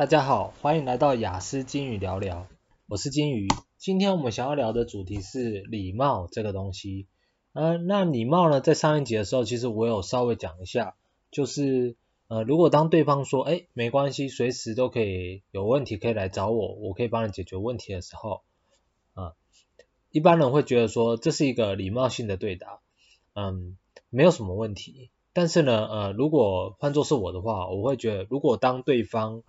大家好，歡迎來到雅思金魚聊聊，我是金魚。今天我們想要聊的主題是禮貌這個東西。呃、嗯，那禮貌呢，在上一集的時候，其實我有稍微講一下，就是呃，如果當對方說，誒，沒關係，隨時都可以有問題可以來找我，我可以幫你解決問題的時候，啊、嗯，一般人會覺得說這是一個禮貌性的對答，嗯，沒有什麼問題。但是呢，呃，如果換作是我的話，我會覺得，如果當對方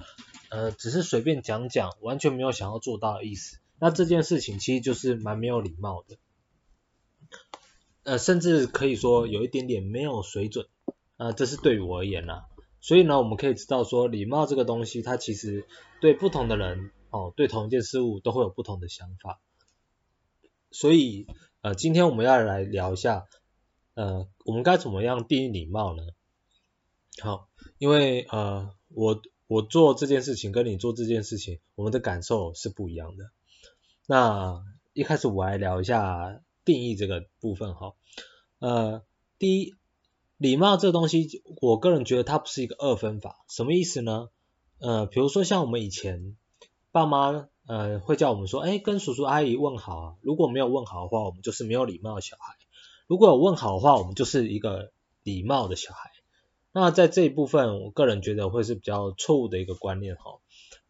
呃，只是隨便講講，完全沒有想要做到的意思。那這件事情其實就是蠻沒有禮貌的，呃，甚至可以說有一點點沒有水準。啊，呃，這是對我而言啦。所以呢，我們可以知道說，禮貌這個東西，它其實對不同的人哦，對同一件事物都會有不同的想法。所以，呃，今天我們要來聊一下，呃，我們該怎麼樣定義禮貌呢？好，因為，呃，我。我做這件事情跟你做這件事情，我們的感受是不一樣的。那一開始我來聊一下定義這個部分哈。呃，第一，禮貌這東西，我個人覺得它不是一個二分法。什麼意思呢？呃，比如說像我們以前爸媽呢，呃，會叫我們說，哎，跟叔叔阿姨問好啊。如果沒有問好的話，我們就是沒有禮貌的小孩；如果有問好的話，我們就是一個禮貌的小孩。那在這一部分，我個人覺得會是比較錯誤的一個觀念哈、哦。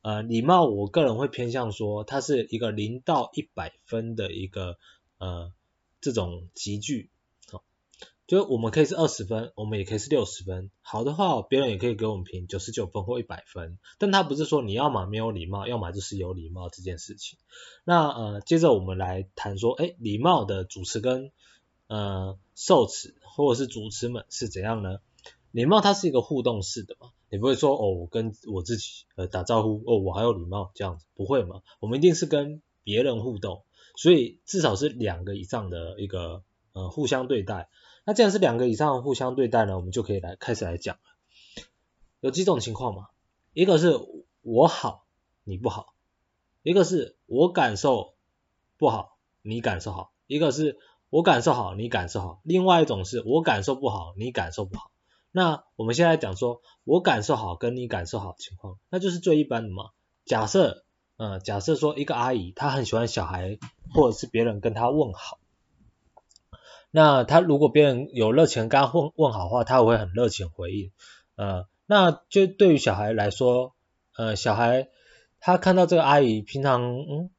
呃，禮貌，我個人會偏向說，它是一個零到一百分的一個呃這種級距，好，就我們可以是二十分，我們也可以是六十分，好的話，別人也可以給我們評九十九分或一百分。但他不是說你要麼沒有禮貌，要麼就是有禮貌這件事情。那呃，接着我們來談說，哎，禮貌的主詞跟呃受詞或者是主詞們是怎樣呢？禮貌它是一個互動式的嘛，你不會說哦，我跟我自己呃打招呼，哦我還有禮貌這樣子，不會嘛？我們一定是跟別人互動，所以至少是兩個以上的一個呃互相對待。那既然是兩個以上的互相對待呢，我們就可以來開始來講了。有幾種情況嘛？一個是我好你不好，一個是我感受不好你感受好，一個是我感受好你感受好，另外一種是我感受不好你感受不好。那我們現在講說，我感受好跟你感受好的情況，那就是最一般的嘛。假設，嗯、呃，假設說一個阿姨她很喜歡小孩，或者是別人跟她問好，那她如果別人有熱情跟她問問好的話，她會很熱情回應，嗯、呃，那就對於小孩來說，呃，小孩他看到這個阿姨平常，嗯。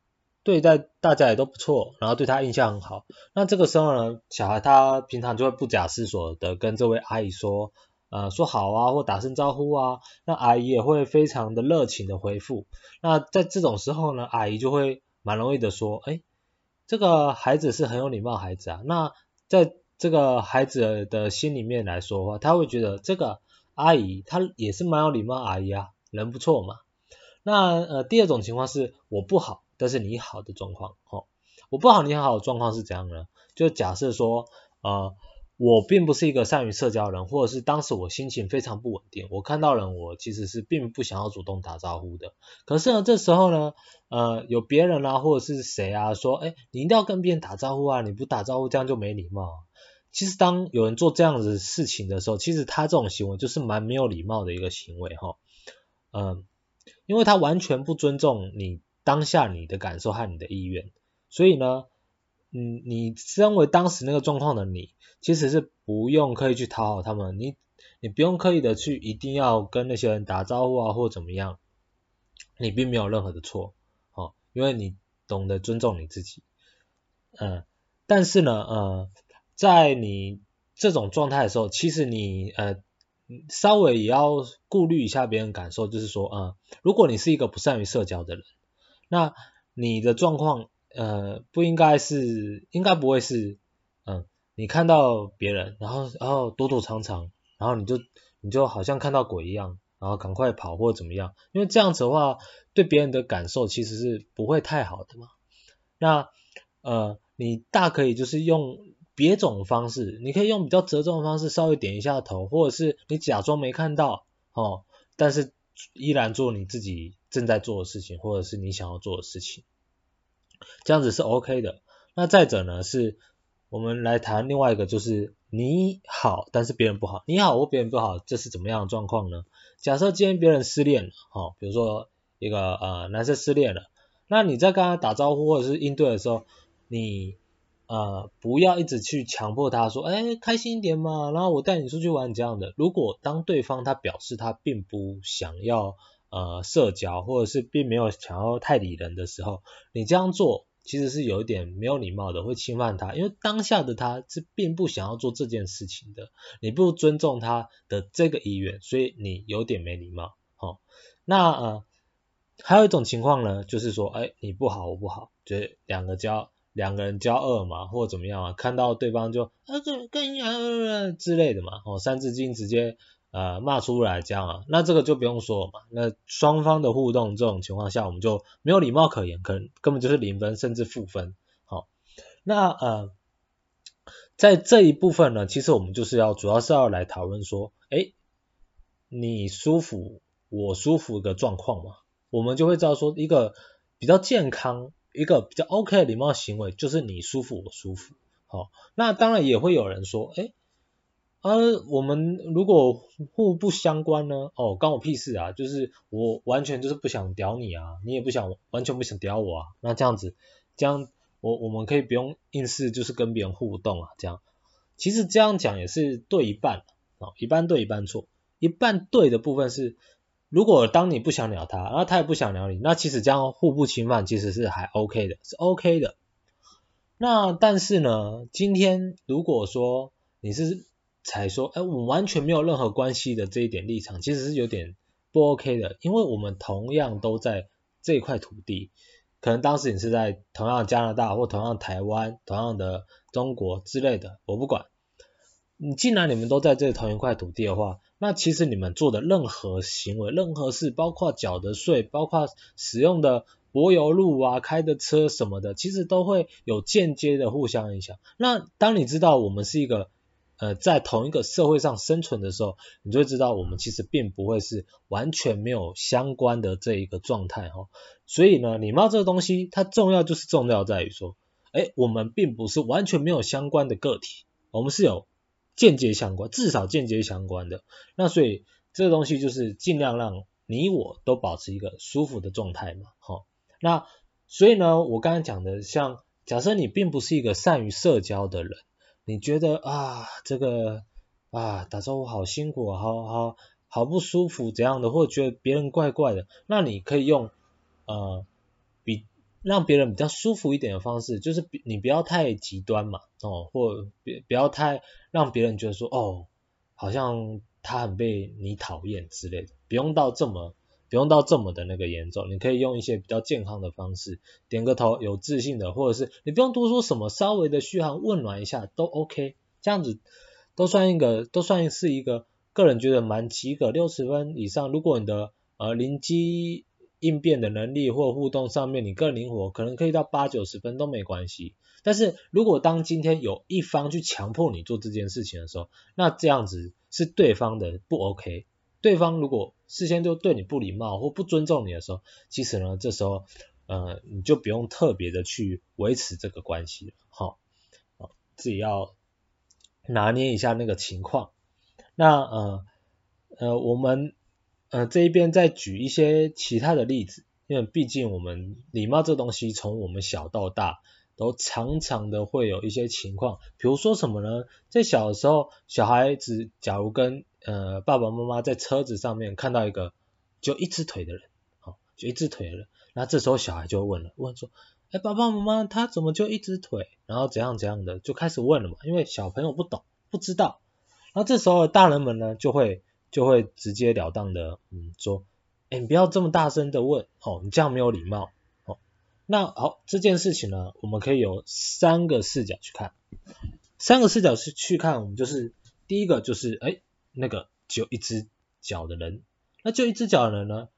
對待大家也都不錯，然後對他印象很好。那這個時候呢，小孩他平常就會不假思索的跟這位阿姨說，呃，說好啊，或打聲招呼啊。那阿姨也會非常的熱情的回覆。那在這種時候呢，阿姨就會蠻容易的說，哎，這個孩子是很有禮貌孩子啊。那在這個孩子的心裡面來說的話，他會覺得這個阿姨她也是蠻有禮貌阿姨啊，人不錯嘛。那呃，第二種情況是我不好。這是你好的狀況，哦，我不好你很好的狀況是怎樣呢？就假設說，呃，我並不是一個善於社交人，或者是當時我心情非常不穩定，我看到人我其實是並不想要主動打招呼的。可是呢，這時候呢，呃，有別人啊，或者是誰啊，說，哎，你一定要跟別人打招呼啊，你不打招呼這樣就沒禮貌。其實當有人做這樣子事情的時候，其實他這種行為就是蠻沒有禮貌的一個行為，哈、哦，嗯、呃，因為他完全不尊重你。當下你的感受和你的意願，所以呢，嗯，你身為當時那個狀況的你，其實是不用刻意去討好他們，你你不用刻意的去一定要跟那些人打招呼啊或怎麼樣，你並沒有任何的錯，哦，因為你懂得尊重你自己，嗯，但是呢，呃，在你這種狀態的時候，其實你呃，稍微也要顧慮一下別人感受，就是說，啊，如果你是一個不善於社交的人。那你的狀況，呃，不應該是，應該不會是，嗯，你看到別人，然後然後、哦、躲躲藏藏，然後你就你就好像看到鬼一樣，然後趕快跑或怎麼樣，因為這樣子的話，對別人的感受其實是不會太好的嘛。那，呃，你大可以就是用別種方式，你可以用比較折中的方式，稍微點一下頭，或者是你假裝沒看到，哦，但是。依然做你自己正在做的事情，或者是你想要做的事情，這樣子是 OK 的。那再者呢，是，我們來談另外一個，就是你好，但是別人不好，你好或別人不好，這是怎麼樣的狀況呢？假設今天別人失戀了，好，比如說一個呃男生失戀了，那你在跟他打招呼或者是應對的時候，你。呃，不要一直去強迫他說，哎、欸，開心一點嘛，然後我帶你出去玩這樣的。如果當對方他表示他並不想要呃社交，或者是並沒有想要太理人的時候，你這樣做其實是有一點沒有禮貌的，會侵犯他，因為當下的他是並不想要做這件事情的，你不尊重他的這個意願，所以你有點沒禮貌。好，那呃，還有一種情況呢，就是說，哎、欸，你不好，我不好，就是兩個交。兩個人交惡嘛，或者怎麼樣啊？看到對方就啊，跟、這、跟、個、啊之類的嘛。哦，《三字經》直接呃罵出來這樣啊。那這個就不用說了嘛。那雙方的互動這種情況下，我們就沒有禮貌可言，可能根本就是零分，甚至負分。好、哦，那呃，在這一部分呢，其實我們就是要，主要是要來討論說，誒，你舒服我舒服的狀況嘛，我們就會知道說一個比較健康。一個比較 OK 的禮貌行為就是你舒服我舒服，好，那當然也會有人說，誒，啊，我們如果互不相關呢？哦，關我屁事啊！就是我完全就是不想屌你啊，你也不想，完全不想屌我啊，那這樣子，這樣我我們可以不用硬是就是跟別人互動啊，這樣，其實這樣講也是對一半啊，一半對一半錯，一半對的部分是。如果當你不想鳥他，然後他也不想鳥你，那其實這樣互不侵犯，其實是還 OK 的，是 OK 的。那但是呢，今天如果說你是才說，哎，我完全沒有任何關係的這一點立場，其實是有點不 OK 的，因為我們同樣都在這塊土地，可能當時你是在同樣的加拿大或同樣的台灣、同樣的中國之類的，我不管。你既然你們都在這同一塊土地的話，那其實你們做的任何行為、任何事，包括繳的稅，包括使用的柏油路啊、開的車什麼的，其實都會有間接的互相影響。那當你知道我們是一個呃在同一個社會上生存的時候，你就會知道我們其實並不會是完全沒有相關的這一個狀態哈、哦。所以呢，禮貌這個東西，它重要就是重要在於說，哎，我們並不是完全沒有相關的個體，我們是有。間接相關，至少間接相關的，那所以這個東西就是盡量讓你我都保持一個舒服的狀態嘛，好、哦，那所以呢，我剛才講的像，像假設你並不是一個善於社交的人，你覺得啊這個啊打招呼好辛苦啊，好好好，好不舒服這樣的，或者覺得別人怪怪的，那你可以用，啊、呃。讓別人比較舒服一點的方式，就是你不要太極端嘛，哦，或不要太讓別人覺得說，哦，好像他很被你討厭之類的，不用到這麼，不用到這麼的那個嚴重，你可以用一些比較健康的方式，點個頭，有自信的，或者是你不用多說什麼，稍微的噓寒問暖一下都 OK，這樣子都算一個，都算是一個，個人覺得蠻及格，六十分以上，如果你的呃鄰居。應變的能力或互動上面，你更靈活，可能可以到八九十分都沒關係。但是如果當今天有一方去強迫你做這件事情的時候，那這樣子是對方的不 OK。對方如果事先就對你不禮貌或不尊重你的時候，其實呢，這時候呃你就不用特別的去維持這個關係，好、哦，自己要拿捏一下那個情況。那呃呃我們。呃，這一邊再舉一些其他的例子，因為畢竟我們禮貌這東西，從我們小到大，都常常的會有一些情況。比如說什麼呢？在小的時候，小孩子假如跟呃爸爸媽媽在車子上面看到一個就一隻腿的人，哦，就一隻腿的人，那這時候小孩就問了，問說，誒，爸爸媽媽，他怎麼就一隻腿？然後怎樣怎樣的就開始問了嘛，因為小朋友不懂，不知道。然後這時候大人們呢就會。就會直接了當的，嗯，說，哎，你不要這麼大聲的問，哦，你這樣沒有禮貌，哦，那好，這件事情呢，我們可以有三個視角去看，三個視角是去看，我們就是第一個就是，哎，那個只有一隻腳的人，那就一隻腳的人呢，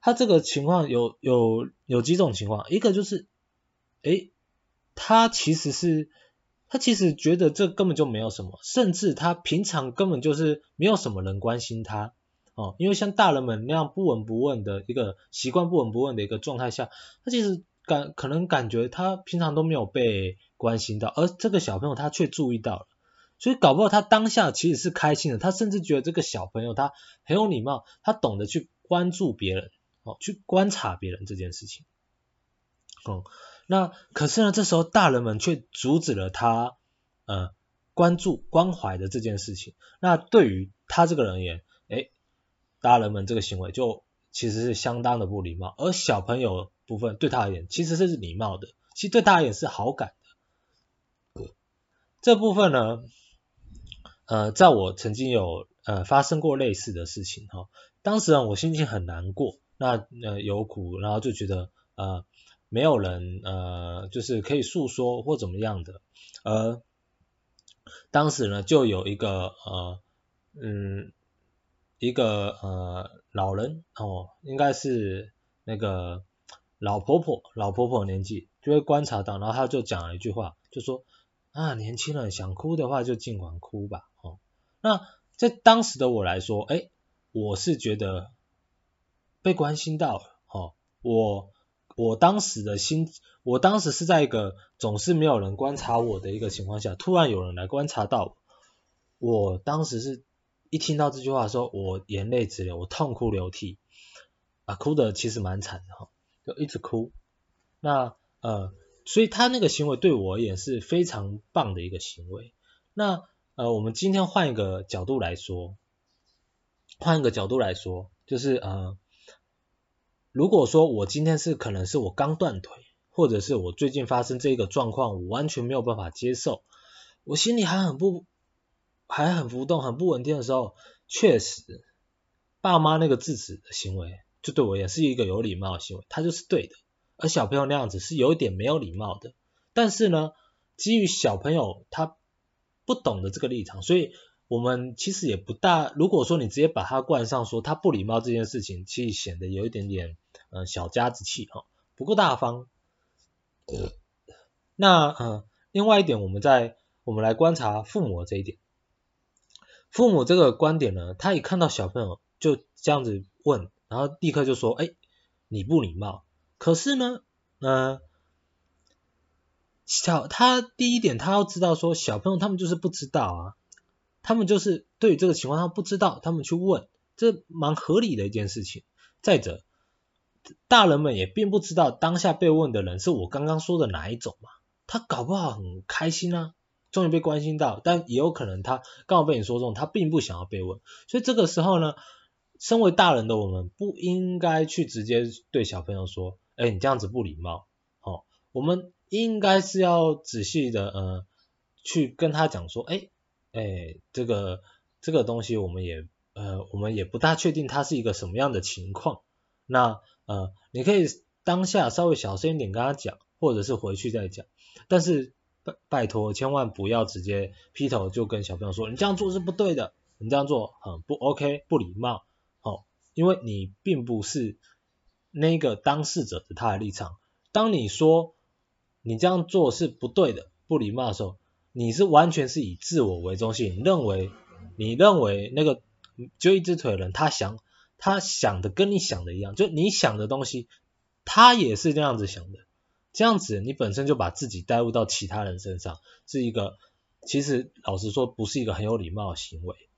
他這個情況有有有幾種情況，一個就是，哎，他其實是。他其實覺得這根本就沒有什麼，甚至他平常根本就是沒有什麼人關心他，哦，因為像大人們那樣不聞不問的一個習慣，不聞不問的一個狀態下，他其實感可能感覺他平常都沒有被關心到，而這個小朋友他卻注意到了，所以搞不好他當下其實是開心的，他甚至覺得這個小朋友他很有禮貌，他懂得去關注別人，哦，去觀察別人這件事情，嗯那可是呢，這時候大人們卻阻止了他，呃，關注關懷的這件事情。那對於他這個人而言，誒，大人們這個行為就其實是相當的不禮貌，而小朋友部分對他而言其實是禮貌的，其實對他而言是好感的。這部分呢，呃，在我曾經有呃發生過類似的事情哈、哦，當時呢，我心情很難過，那呃有苦，然後就覺得呃。沒有人呃，就是可以訴說或怎麼樣的，而當時呢，就有一個呃，嗯，一個呃老人哦，應該是那個老婆婆，老婆婆的年紀，就會觀察到，然後他就講了一句話，就說啊，年輕人想哭的話就盡管哭吧，哦，那在當時的我來說，哎，我是覺得被關心到，哦，我。我當時的心，我當時是在一個總是沒有人觀察我的一個情況下，突然有人來觀察到。我當時是一聽到這句話，說我眼淚直流，我痛哭流涕，啊，哭得其實蠻慘的哈、哦，就一直哭。那呃，所以他那個行為對我而言是非常棒的一個行為。那呃，我們今天換一個角度來說，換一個角度來說，就是呃。如果說我今天是可能是我剛斷腿，或者是我最近發生這個狀況，我完全沒有辦法接受，我心裡還很不，還很浮動，很不穩定的時候，確實爸媽那個制止的行為，就對我也是一個有禮貌的行為，他就是對的。而小朋友那樣子是有一點沒有禮貌的，但是呢，基於小朋友他不懂的這個立場，所以我們其實也不大。如果說你直接把他冠上說他不禮貌這件事情，其實顯得有一點點。嗯，小家子氣哈，不夠大方。那嗯，另外一點，我們在我們來觀察父母這一點，父母這個觀點呢，他一看到小朋友就這樣子問，然後立刻就說：“哎，你不禮貌。”可是呢，呃、嗯，小他第一點，他要知道說小朋友他們就是不知道啊，他們就是對於這個情況他不知道，他們去問，這蠻合理的一件事情。再者。大人們也並不知道當下被問的人是我剛剛說的哪一種嘛？他搞不好很開心啊，終於被關心到。但也有可能他剛好被你說中，他並不想要被問。所以這個時候呢，身為大人的我們不應該去直接對小朋友說：“誒，你這樣子不禮貌。”好，我們應該是要仔細的呃，去跟他講說：“誒，誒，這個這個東西我們也呃，我們也不大確定它是一個什麼樣的情況。”那。呃，你可以當下稍微小聲一點跟他講，或者是回去再講。但是拜拜託，千萬不要直接劈頭就跟小朋友說，你這樣做是不對的，你這樣做很、嗯、不 OK，不禮貌。哦，因為你並不是那個當事者的他的立場。當你說你這樣做是不對的，不禮貌的時候，你是完全是以自我為中心，你認為你認為那個就一隻腿的人他想。他想的跟你想的一樣，就你想的東西，他也是這樣子想的。這樣子，你本身就把自己帶入到其他人身上，是一個其實老實說，不是一個很有禮貌的行為。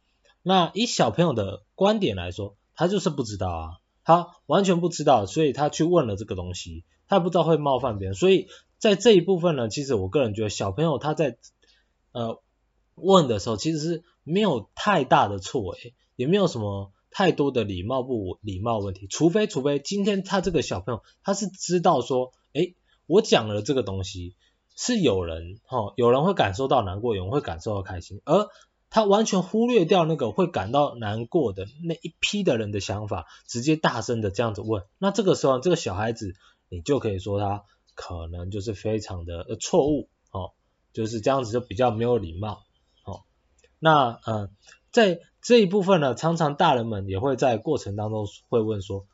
那以小朋友的觀點來說，他就是不知道啊，他完全不知道，所以他去問了這個東西，他不知道會冒犯別人。所以在這一部分呢，其實我個人覺得小朋友他在呃問的時候，其實是沒有太大的錯誒，也沒有什麼。太多的禮貌不禮貌問題，除非除非今天他這個小朋友他是知道說，哎，我講了這個東西是有人哈，有人會感受到難過，有人會感受到開心，而他完全忽略掉那個會感到難過的那一批的人的想法，直接大聲的這樣子問，那這個時候這個小孩子你就可以說他可能就是非常的呃錯誤哦，就是這樣子就比較沒有禮貌哦，那嗯。呃在這一部分呢，常常大人們也會在過程當中會問說，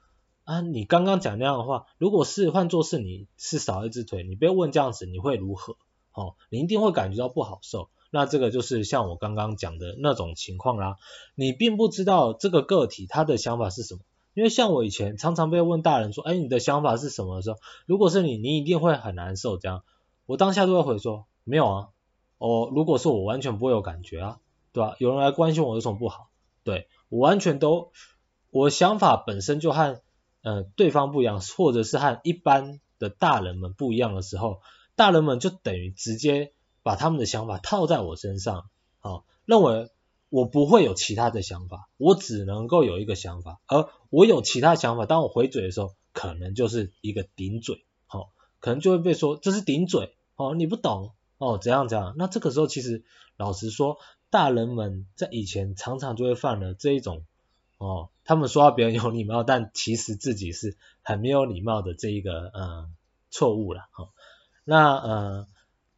啊，你剛剛講那樣的話，如果是換做是你是少一隻腿，你被問這樣子，你會如何？哦，你一定會感覺到不好受。那這個就是像我剛剛講的那種情況啦。你並不知道這個個體他的想法是什麼，因為像我以前常常被問大人說，哎，你的想法是什麼的時候，如果是你，你一定會很難受這樣。我當下就會回說，沒有啊，哦，如果是我，完全不會有感覺啊。對吧？有人來關心我有什麼不好？對我完全都，我想法本身就和呃，對方不一樣，或者是和一般的大人們不一樣的時候，大人們就等於直接把他們的想法套在我身上，好，認為我不會有其他的想法，我只能夠有一個想法，而我有其他想法，當我回嘴的時候，可能就是一個頂嘴，好，可能就會被說這是頂嘴，哦，你不懂，哦，怎樣怎樣。那這個時候其實老實說。大人們在以前常常就會犯了這一種哦，他們說要別人有禮貌，但其實自己是很沒有禮貌的這一個嗯、呃、錯誤了哈、哦。那呃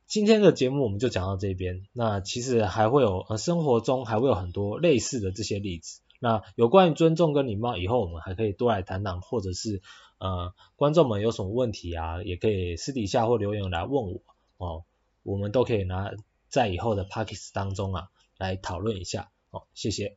今天的節目我們就講到這邊，那其實還會有呃生活中還會有很多類似的這些例子。那有關於尊重跟禮貌，以後我們還可以多來談談，或者是呃觀眾們有什麼問題啊，也可以私底下或留言來問我哦，我們都可以拿在以後的 podcast 當中啊。來討論一下，好，謝謝。